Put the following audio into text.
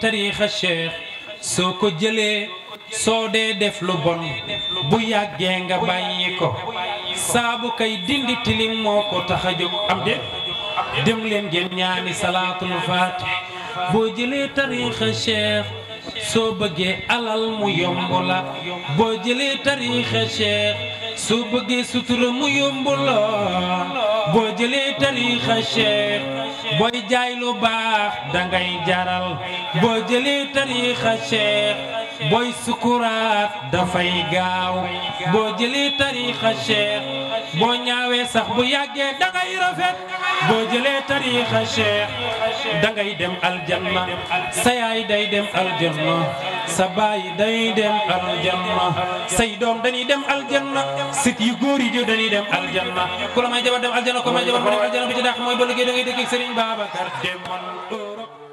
tariixa cheikh soo ko jëlee soo dee def lu bon bu yàggee nga bàyyi ko saabu kay dindi tilim moo ko tax a am de dem leen ngeen ñaani salaatul faatih boo jëlee tariixa cheikh soo bëggee alal mu yomb la jëlee tariixa soo bëggee sutura mu yomb la boo jëlee tariixa cheikh booy jaay lu baax dangay jaral boo jëlee tariixa cheikh booy sukuraat dafay gaaw boo jëlee tariixa cheikh boo ñaawee sax bu yàggee dangay rafet boo jëlee tariixa cheikh dangay dem aljanna sa yaay day dem aljanna sa baay dañuy dem aljanna say doom dañuy dem aljanna sit yu góor yi di dañuy dem aljanna ku la may jabar dem aljanna ku may jabar dem aljanna bu ci dàq mooy ba liggéey da ngay dëkk ak Serigne Babacar demoon Europe